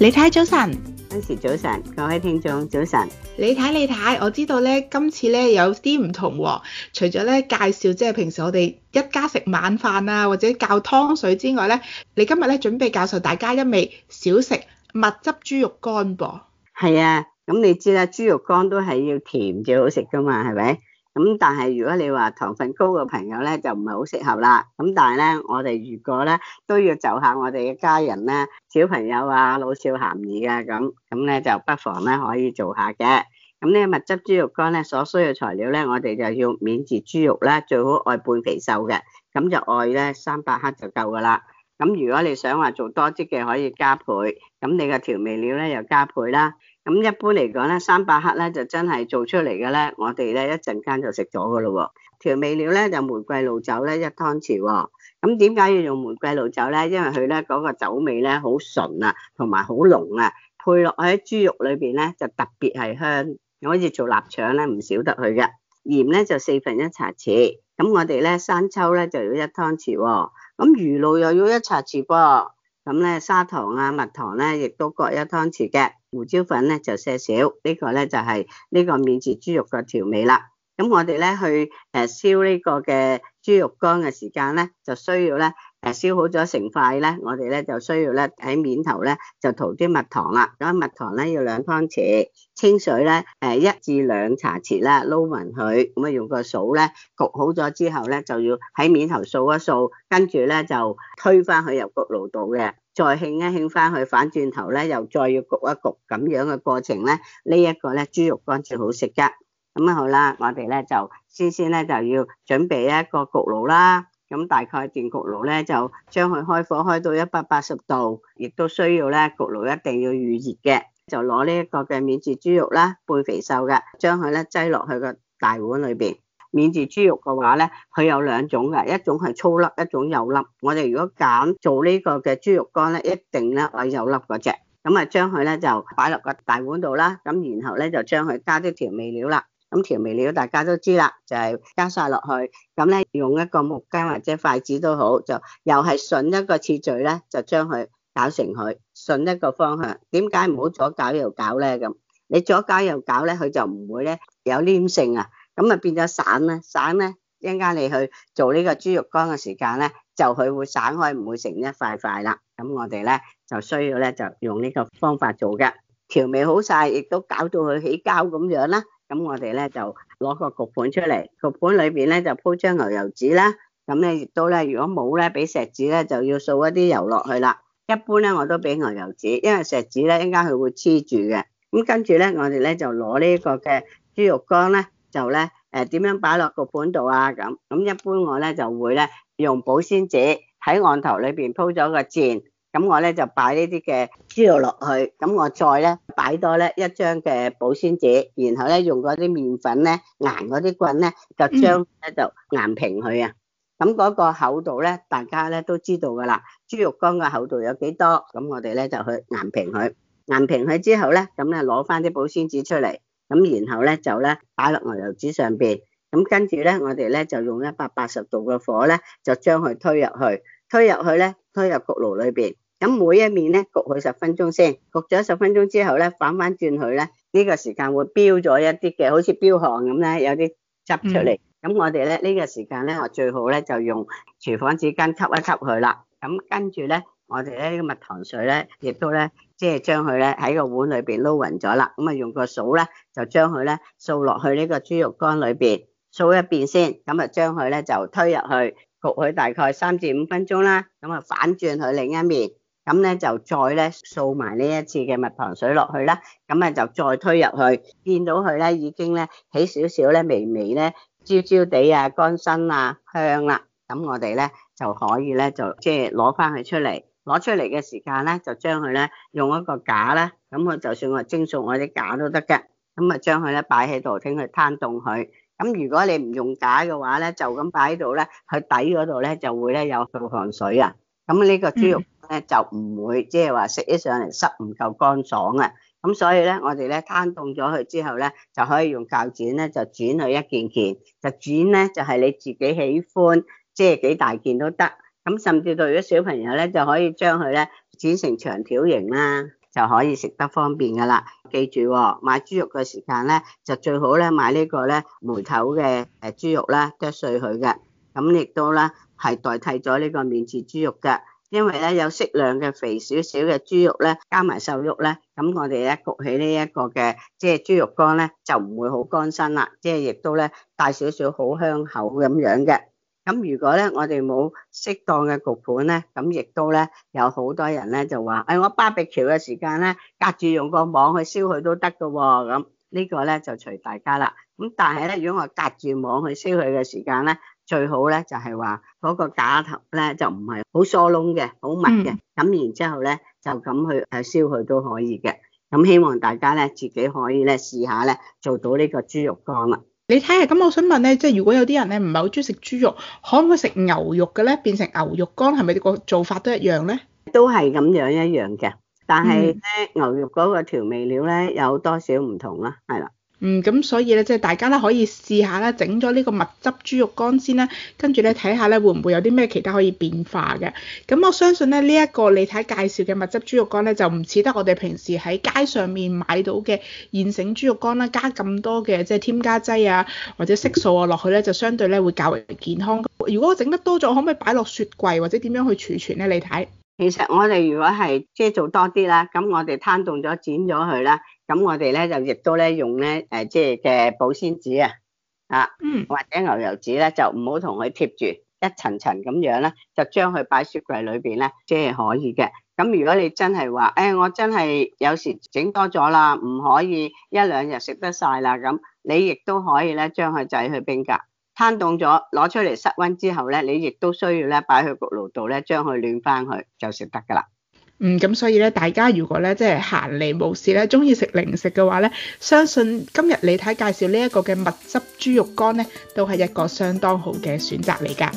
李太早晨，今時早晨各位聽眾早晨。李太李太，我知道咧今次咧有啲唔同喎，除咗咧介紹即係平時我哋一家食晚飯啊，或者教湯水之外咧，你今日咧準備教授大家一味小食蜜汁豬肉乾噃。係啊，咁你知啦，豬肉乾都係要甜最好食㗎嘛，係咪？咁但係如果你話糖分高嘅朋友咧，就唔係好適合啦。咁但係咧，我哋如果咧都要就下我哋嘅家人咧，小朋友啊、老少咸宜嘅、啊、咁，咁咧就不妨咧可以做下嘅。咁呢個蜜汁豬肉乾咧所需嘅材料咧，我哋就要免治豬肉咧，最好愛半肥瘦嘅，咁就愛咧三百克就夠噶啦。咁如果你想話做多啲嘅，可以加倍。咁你嘅調味料咧又加倍啦。咁一般嚟講咧，三百克咧就真係做出嚟嘅咧，我哋咧一陣間就食咗噶咯喎。調味料咧就玫瑰露酒咧一湯匙、哦，咁點解要用玫瑰露酒咧？因為佢咧嗰個酒味咧好純啊，同埋好濃啊，配落喺豬肉裏邊咧就特別係香。可以做臘腸咧唔少得佢嘅鹽咧就四分一茶匙，咁我哋咧生抽咧就要一湯匙、哦，咁魚露又要一茶匙噃、哦。咁咧砂糖啊蜜糖咧，亦都各一湯匙嘅胡椒粉咧就些少，這個、呢、就是、個咧就係呢個免治豬肉嘅調味啦。咁我哋咧去誒燒呢個嘅豬肉乾嘅時間咧，就需要咧。誒，燒好咗成塊咧，我哋咧就需要咧喺面頭咧就塗啲蜜糖啦。咁啊，蜜糖咧要兩湯匙，清水咧誒一至兩茶匙啦，撈勻佢。咁啊，用個掃咧焗好咗之後咧，就要喺面頭掃一掃，跟住咧就推翻去入焗爐度嘅，再興一興翻去，反轉頭咧又再要焗一焗。咁樣嘅過程咧，呢、這、一個咧豬肉乾最好食噶。咁啊好啦，我哋咧就先先咧就要準備一個焗爐啦。咁大概電焗爐咧，就將佢開火開到一百八十度，亦都需要咧焗爐一定要預熱嘅。就攞呢一個嘅免治豬肉啦，背肥瘦嘅，將佢咧擠落去個大碗裏邊。免治豬肉嘅話咧，佢有兩種嘅，一種係粗粒，一種幼粒。我哋如果揀做呢個嘅豬肉乾咧，一定咧係幼粒嗰隻。咁啊，將佢咧就擺落個大碗度啦，咁然後咧就將佢加啲調味料啦。咁調味料大家都知啦，就係加晒落去，咁咧用一個木羹或者筷子都好，就又係順一個次序咧，就將佢搞成佢，順一個方向。點解唔好左攪右搞咧？咁你左攪右搞咧，佢就唔會咧有黏性啊。咁啊變咗散啦，散咧一陣間你去做呢個豬肉乾嘅時間咧，就佢會散開，唔會成一塊塊啦。咁我哋咧就需要咧就用呢個方法做嘅，調味好晒，亦都搞到佢起膠咁樣啦。咁我哋咧就攞個焗盤出嚟，焗盤裏邊咧就鋪張牛油紙啦。咁咧，亦都咧，如果冇咧，俾錫紙咧就要掃一啲油落去啦。一般咧，我都俾牛油紙，因為錫紙咧，一陣間佢會黐住嘅。咁跟住咧，我哋咧就攞呢個嘅豬肉乾咧，就咧誒，點、呃、樣擺落焗盤度啊？咁咁一般我咧就會咧用保鮮紙喺案頭裏邊鋪咗個墊。咁我咧就擺呢啲嘅豬肉落去，咁我再咧擺多咧一張嘅保鮮紙，然後咧用嗰啲麵粉咧，硬嗰啲棍咧就將咧就硬平佢啊。咁嗰個厚度咧，大家咧都知道噶啦，豬肉乾嘅厚度有幾多，咁我哋咧就去硬平佢，硬平佢之後咧，咁咧攞翻啲保鮮紙出嚟，咁然後咧就咧擺落牛油紙上邊，咁跟住咧我哋咧就用一百八十度嘅火咧，就將佢推入去，推入去咧。推入焗爐裏邊，咁每一面咧焗佢十分鐘先，焗咗十分鐘之後咧，反翻轉佢咧，呢個時間會飆咗一啲嘅，好似飆汗咁咧，有啲汁出嚟。咁我哋咧呢個時間咧，我最好咧就用廚房紙巾吸一吸佢啦。咁跟住咧，我哋咧呢個蜜糖水咧，亦都咧即係將佢咧喺個碗裏邊撈勻咗啦。咁啊，用個掃咧就將佢咧掃落去呢個豬肉乾裏邊，掃一邊先。咁啊，將佢咧就推入去。焗佢大概三至五分鐘啦，咁啊反轉佢另一面，咁咧就再咧掃埋呢一次嘅蜜糖水落去啦，咁啊就再推入去，見到佢咧已經咧起少少咧微微咧焦焦地啊乾身啊香啦，咁我哋咧就可以咧就即係攞翻佢出嚟，攞出嚟嘅時間咧就將佢咧用一個架咧，咁我就算我蒸餸我啲架都得嘅，咁啊將佢咧擺喺度，聽佢攤凍佢。咁如果你唔用架嘅話咧，就咁擺喺度咧，佢底嗰度咧就會咧有倒汗水啊。咁呢個豬肉咧就唔會，即係話食起上嚟濕唔夠乾爽啊。咁所以咧，我哋咧攤凍咗佢之後咧，就可以用鉸剪咧就剪佢一件件，就剪咧就係、是、你自己喜歡，即係幾大件都得。咁甚至到如果小朋友咧，就可以將佢咧剪成長條形啦。就可以食得方便噶啦。記住、哦，買豬肉嘅時間咧，就最好咧買呢個咧梅頭嘅誒豬肉啦，剁碎佢嘅。咁亦都啦，係代替咗呢個免治豬肉嘅。因為咧有適量嘅肥少少嘅豬肉咧，加埋瘦肉咧，咁我哋咧焗起呢一個嘅即係豬肉乾咧，就唔會好乾身啦。即係亦都咧，帶少少好香口咁樣嘅。咁如果咧、哎，我哋冇適當嘅焗盤咧，咁亦都咧有好多人咧就話，誒我 BBQ 嘅時間咧，隔住用個網去燒佢都得㗎喎。咁呢個咧就隨大家啦。咁但係咧，如果我隔住網去燒佢嘅時間咧，最好咧就係話嗰個架頭咧就唔係好疏窿嘅，好密嘅。咁、嗯、然之後咧就咁去誒燒佢都可以嘅。咁希望大家咧自己可以咧試下咧做到呢個豬肉乾啦。你睇下，咁我想問咧，即係如果有啲人咧唔係好鍾意食豬肉，可唔可以食牛肉嘅咧？變成牛肉乾係咪個做法都一樣咧？都係咁樣一樣嘅，但係咧牛肉嗰個調味料咧有多少唔同啦？係啦。嗯，咁所以咧，即係大家咧可以試下咧，整咗呢個蜜汁豬肉乾先啦，跟住咧睇下咧會唔會有啲咩其他可以變化嘅。咁我相信咧呢一個你睇介紹嘅蜜汁豬肉乾咧，就唔似得我哋平時喺街上面買到嘅現成豬肉乾啦，加咁多嘅即係添加劑啊或者色素啊落去咧，就相對咧會較為健康。如果我整得多咗，我可唔可以擺落雪櫃或者點樣去儲存咧？你睇。其實我哋如果係即係做多啲啦，咁我哋攤凍咗剪咗佢啦，咁我哋咧就亦都咧用咧誒即係嘅保鮮紙啊，啊、嗯、或者牛油紙咧就唔好同佢貼住一層層咁樣咧，就將佢擺雪櫃裏邊咧即係可以嘅。咁如果你真係話誒我真係有時整多咗啦，唔可以一兩日食得晒啦咁，你亦都可以咧將佢擠去冰格。攤凍咗，攞出嚟室溫之後咧，你亦都需要咧擺去焗爐度咧，將佢暖翻去，就食得噶啦。嗯，咁所以咧，大家如果咧即係閒嚟無事咧，中意食零食嘅話咧，相信今日你睇介紹呢一個嘅蜜汁豬肉乾咧，都係一個相當好嘅選擇嚟噶。